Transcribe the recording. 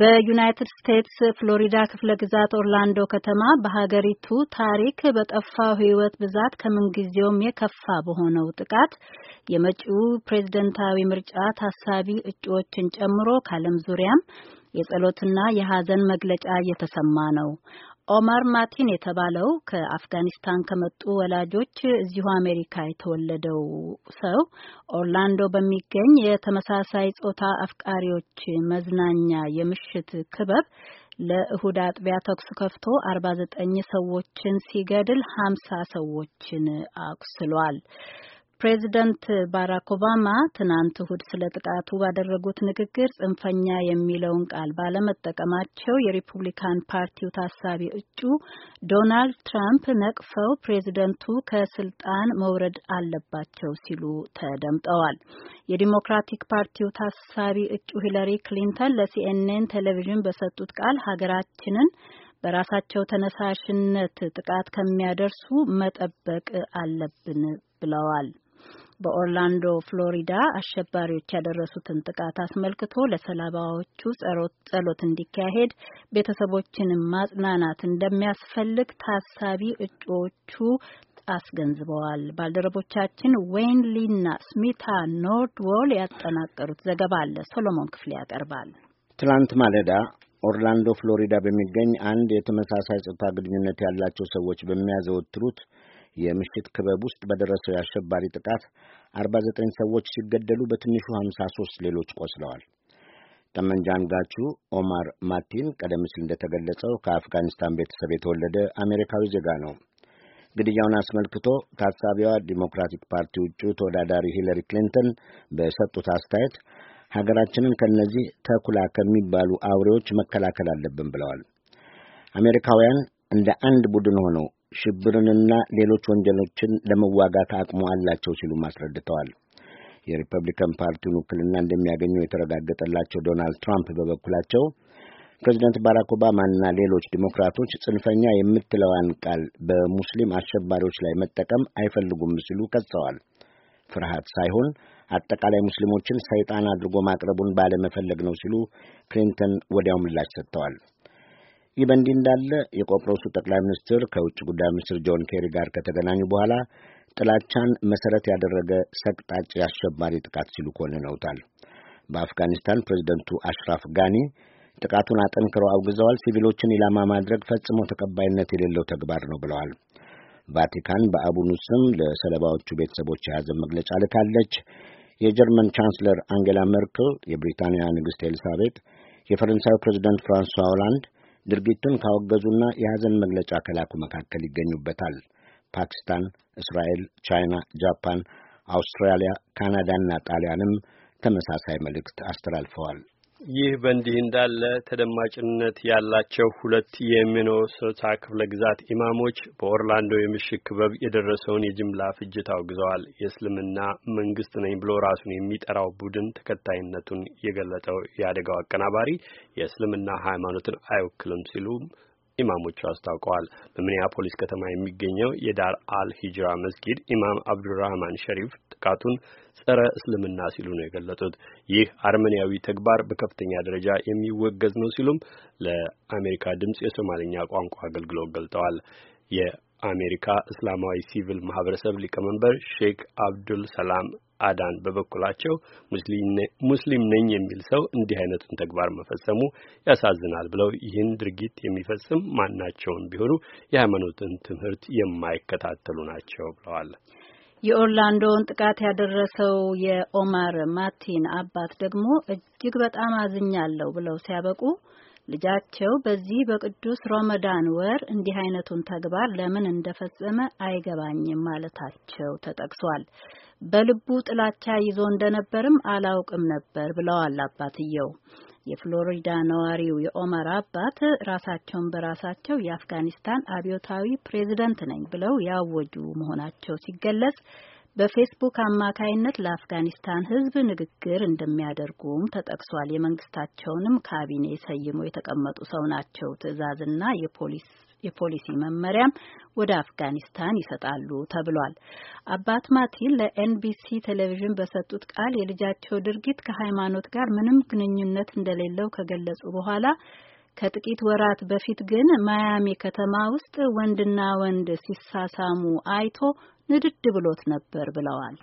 በዩናይትድ ስቴትስ ፍሎሪዳ ክፍለ ግዛት ኦርላንዶ ከተማ በሀገሪቱ ታሪክ በጠፋው ሕይወት ብዛት ከምንጊዜውም የከፋ በሆነው ጥቃት የመጪው ፕሬዝደንታዊ ምርጫ ታሳቢ እጩዎችን ጨምሮ ከዓለም ዙሪያም የጸሎትና የሀዘን መግለጫ እየተሰማ ነው። ኦማር ማቲን የተባለው ከአፍጋኒስታን ከመጡ ወላጆች እዚሁ አሜሪካ የተወለደው ሰው ኦርላንዶ በሚገኝ የተመሳሳይ ጾታ አፍቃሪዎች መዝናኛ የምሽት ክበብ ለእሁድ አጥቢያ ተኩስ ከፍቶ አርባ ዘጠኝ ሰዎችን ሲገድል ሀምሳ ሰዎችን አቁስሏል። ፕሬዚደንት ባራክ ኦባማ ትናንት እሁድ ስለ ጥቃቱ ባደረጉት ንግግር ጽንፈኛ የሚለውን ቃል ባለመጠቀማቸው የሪፑብሊካን ፓርቲው ታሳቢ እጩ ዶናልድ ትራምፕ ነቅፈው ፕሬዚደንቱ ከስልጣን መውረድ አለባቸው ሲሉ ተደምጠዋል። የዲሞክራቲክ ፓርቲው ታሳቢ እጩ ሂለሪ ክሊንተን ለሲኤንኤን ቴሌቪዥን በሰጡት ቃል ሀገራችንን በራሳቸው ተነሳሽነት ጥቃት ከሚያደርሱ መጠበቅ አለብን ብለዋል። በኦርላንዶ ፍሎሪዳ አሸባሪዎች ያደረሱትን ጥቃት አስመልክቶ ለሰለባዎቹ ጸሎት እንዲካሄድ ቤተሰቦችንም ማጽናናት እንደሚያስፈልግ ታሳቢ እጩዎቹ አስገንዝበዋል። ባልደረቦቻችን ዌይን ሊና ስሚታ ኖርድዎል ያጠናቀሩት ዘገባ አለ። ሶሎሞን ክፍሌ ያቀርባል። ትላንት ማለዳ ኦርላንዶ ፍሎሪዳ በሚገኝ አንድ የተመሳሳይ ጾታ ግንኙነት ያላቸው ሰዎች በሚያዘወትሩት የምሽት ክበብ ውስጥ በደረሰው የአሸባሪ ጥቃት 49 ሰዎች ሲገደሉ በትንሹ 53 ሌሎች ቆስለዋል። ጠመንጃ አንጋቹ ኦማር ማቲን ቀደም ሲል እንደተገለጸው ከአፍጋኒስታን ቤተሰብ የተወለደ አሜሪካዊ ዜጋ ነው። ግድያውን አስመልክቶ ታሳቢዋ ዲሞክራቲክ ፓርቲ እጩ ተወዳዳሪ ሂለሪ ክሊንተን በሰጡት አስተያየት ሀገራችንን ከእነዚህ ተኩላ ከሚባሉ አውሬዎች መከላከል አለብን ብለዋል። አሜሪካውያን እንደ አንድ ቡድን ሆነው ሽብርንና ሌሎች ወንጀሎችን ለመዋጋት አቅሙ አላቸው ሲሉም አስረድተዋል። የሪፐብሊካን ፓርቲውን ውክልና እንደሚያገኙ የተረጋገጠላቸው ዶናልድ ትራምፕ በበኩላቸው ፕሬዚደንት ባራክ ኦባማና ሌሎች ዲሞክራቶች ጽንፈኛ የምትለዋን ቃል በሙስሊም አሸባሪዎች ላይ መጠቀም አይፈልጉም ሲሉ ከሰዋል። ፍርሃት ሳይሆን አጠቃላይ ሙስሊሞችን ሰይጣን አድርጎ ማቅረቡን ባለመፈለግ ነው ሲሉ ክሊንተን ወዲያው ምላሽ ሰጥተዋል። ይህ በእንዲህ እንዳለ የቆጵሮሱ ጠቅላይ ሚኒስትር ከውጭ ጉዳይ ሚኒስትር ጆን ኬሪ ጋር ከተገናኙ በኋላ ጥላቻን መሰረት ያደረገ ሰቅጣጭ የአሸባሪ ጥቃት ሲሉ ኮንነውታል። በአፍጋኒስታን ፕሬዚደንቱ አሽራፍ ጋኒ ጥቃቱን አጠንክረው አውግዘዋል። ሲቪሎችን ኢላማ ማድረግ ፈጽሞ ተቀባይነት የሌለው ተግባር ነው ብለዋል። ቫቲካን በአቡኑ ስም ለሰለባዎቹ ቤተሰቦች የያዘን መግለጫ ልካለች። የጀርመን ቻንስለር አንጌላ ሜርክል፣ የብሪታንያ ንግሥት ኤልሳቤጥ፣ የፈረንሳዩ ፕሬዚደንት ፍራንሷ ሆላንድ ድርጊቱን ካወገዙና የሐዘን መግለጫ ከላኩ መካከል ይገኙበታል። ፓኪስታን፣ እስራኤል፣ ቻይና፣ ጃፓን፣ አውስትራሊያ፣ ካናዳና ጣሊያንም ተመሳሳይ መልእክት አስተላልፈዋል። ይህ በእንዲህ እንዳለ ተደማጭነት ያላቸው ሁለት የሚኔሶታ ክፍለ ግዛት ኢማሞች በኦርላንዶ የምሽግ ክበብ የደረሰውን የጅምላ ፍጅት አውግዘዋል። የእስልምና መንግስት ነኝ ብሎ ራሱን የሚጠራው ቡድን ተከታይነቱን የገለጠው የአደጋው አቀናባሪ የእስልምና ሃይማኖትን አይወክልም ሲሉም ኢማሞቹ አስታውቀዋል። በሚኒያፖሊስ ከተማ የሚገኘው የዳር አል ሂጅራ መስጊድ ኢማም አብዱራህማን ሸሪፍ ጥቃቱን ጸረ እስልምና ሲሉ ነው የገለጡት። ይህ አርመንያዊ ተግባር በከፍተኛ ደረጃ የሚወገዝ ነው ሲሉም ለአሜሪካ ድምጽ የሶማሊኛ ቋንቋ አገልግሎት ገልጠዋል። አሜሪካ እስላማዊ ሲቪል ማህበረሰብ ሊቀመንበር ሼክ አብዱል ሰላም አዳን በበኩላቸው ሙስሊም ነኝ የሚል ሰው እንዲህ አይነቱን ተግባር መፈጸሙ ያሳዝናል ብለው ይህን ድርጊት የሚፈጽም ማናቸውም ቢሆኑ የሃይማኖትን ትምህርት የማይከታተሉ ናቸው ብለዋል። የኦርላንዶውን ጥቃት ያደረሰው የኦማር ማቲን አባት ደግሞ እጅግ በጣም አዝኛለሁ ብለው ሲያበቁ ልጃቸው በዚህ በቅዱስ ሮመዳን ወር እንዲህ አይነቱን ተግባር ለምን እንደፈጸመ አይገባኝም ማለታቸው ተጠቅሷል። በልቡ ጥላቻ ይዞ እንደነበርም አላውቅም ነበር ብለዋል አባትየው። የፍሎሪዳ ነዋሪው የኦማር አባት ራሳቸውን በራሳቸው የአፍጋኒስታን አብዮታዊ ፕሬዝደንት ነኝ ብለው ያወጁ መሆናቸው ሲገለጽ በፌስቡክ አማካይነት ለአፍጋኒስታን ሕዝብ ንግግር እንደሚያደርጉም ተጠቅሷል። የመንግስታቸውንም ካቢኔ ሰይሞ የተቀመጡ ሰው ናቸው። ትዕዛዝና የፖሊስ የፖሊሲ መመሪያም ወደ አፍጋኒስታን ይሰጣሉ ተብሏል። አባት ማቲ ለኤንቢሲ ቴሌቪዥን በሰጡት ቃል የልጃቸው ድርጊት ከሃይማኖት ጋር ምንም ግንኙነት እንደሌለው ከገለጹ በኋላ ከጥቂት ወራት በፊት ግን ማያሚ ከተማ ውስጥ ወንድና ወንድ ሲሳሳሙ አይቶ ንድድ ብሎት ነበር ብለዋል።